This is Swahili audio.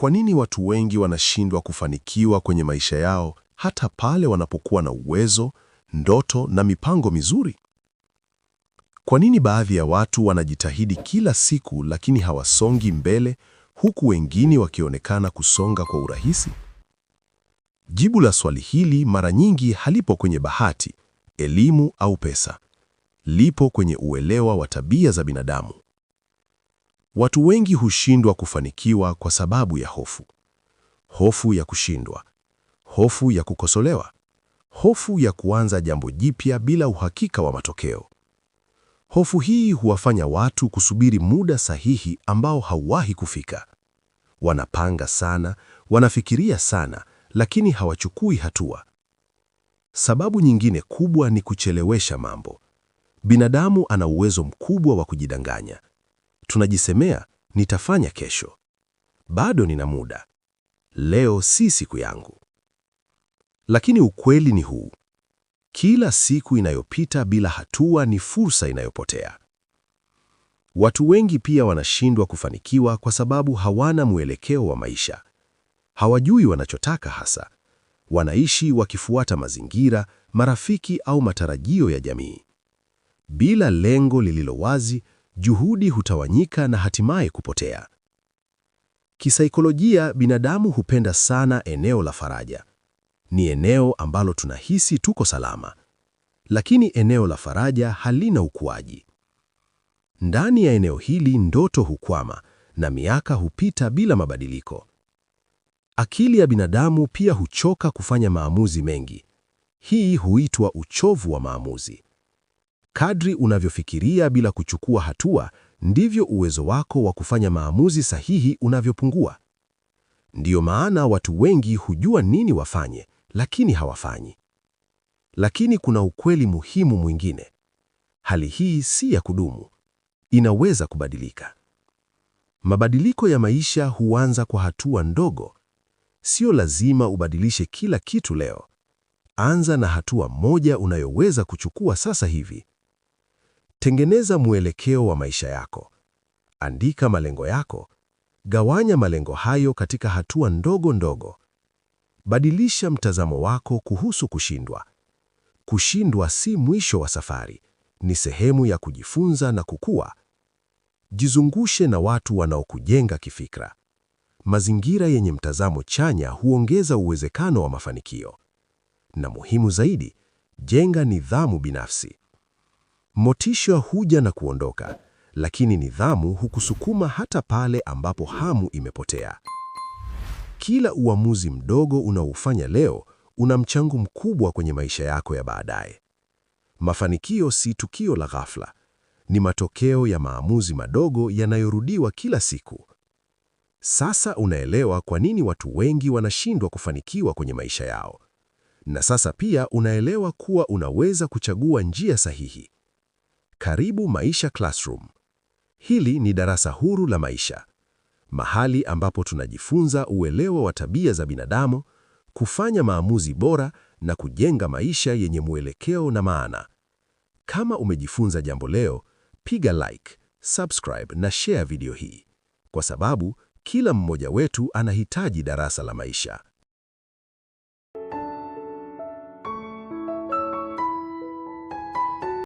Kwa nini watu wengi wanashindwa kufanikiwa kwenye maisha yao hata pale wanapokuwa na uwezo, ndoto na mipango mizuri? Kwa nini baadhi ya watu wanajitahidi kila siku lakini hawasongi mbele huku wengine wakionekana kusonga kwa urahisi? Jibu la swali hili mara nyingi halipo kwenye bahati, elimu au pesa. Lipo kwenye uelewa wa tabia za binadamu. Watu wengi hushindwa kufanikiwa kwa sababu ya hofu: hofu ya kushindwa, hofu ya kukosolewa, hofu ya kuanza jambo jipya bila uhakika wa matokeo. Hofu hii huwafanya watu kusubiri muda sahihi ambao hauwahi kufika. Wanapanga sana, wanafikiria sana, lakini hawachukui hatua. Sababu nyingine kubwa ni kuchelewesha mambo. Binadamu ana uwezo mkubwa wa kujidanganya. Tunajisemea nitafanya kesho, bado nina muda, leo si siku yangu. Lakini ukweli ni huu: kila siku inayopita bila hatua ni fursa inayopotea. Watu wengi pia wanashindwa kufanikiwa kwa sababu hawana mwelekeo wa maisha. Hawajui wanachotaka hasa. Wanaishi wakifuata mazingira, marafiki au matarajio ya jamii. Bila lengo lililo wazi, juhudi hutawanyika na hatimaye kupotea. Kisaikolojia, binadamu hupenda sana eneo la faraja. Ni eneo ambalo tunahisi tuko salama, lakini eneo la faraja halina ukuaji. Ndani ya eneo hili ndoto hukwama na miaka hupita bila mabadiliko. Akili ya binadamu pia huchoka kufanya maamuzi mengi. Hii huitwa uchovu wa maamuzi. Kadri unavyofikiria bila kuchukua hatua, ndivyo uwezo wako wa kufanya maamuzi sahihi unavyopungua. Ndiyo maana watu wengi hujua nini wafanye, lakini hawafanyi. Lakini kuna ukweli muhimu mwingine. Hali hii si ya kudumu. Inaweza kubadilika. Mabadiliko ya maisha huanza kwa hatua ndogo. Sio lazima ubadilishe kila kitu leo. Anza na hatua moja unayoweza kuchukua sasa hivi. Tengeneza mwelekeo wa maisha yako. Andika malengo yako. Gawanya malengo hayo katika hatua ndogo ndogo. Badilisha mtazamo wako kuhusu kushindwa. Kushindwa si mwisho wa safari, ni sehemu ya kujifunza na kukua. Jizungushe na watu wanaokujenga kifikra. Mazingira yenye mtazamo chanya huongeza uwezekano wa mafanikio. Na muhimu zaidi, jenga nidhamu binafsi. Motisha huja na kuondoka, lakini nidhamu hukusukuma hata pale ambapo hamu imepotea. Kila uamuzi mdogo unaoufanya leo una mchango mkubwa kwenye maisha yako ya baadaye. Mafanikio si tukio la ghafla, ni matokeo ya maamuzi madogo yanayorudiwa kila siku. Sasa unaelewa kwa nini watu wengi wanashindwa kufanikiwa kwenye maisha yao. Na sasa pia unaelewa kuwa unaweza kuchagua njia sahihi. Karibu Maisha Classroom. Hili ni darasa huru la maisha, mahali ambapo tunajifunza uelewa wa tabia za binadamu, kufanya maamuzi bora na kujenga maisha yenye mwelekeo na maana. Kama umejifunza jambo leo, piga like, subscribe na share video hii, kwa sababu kila mmoja wetu anahitaji darasa la maisha.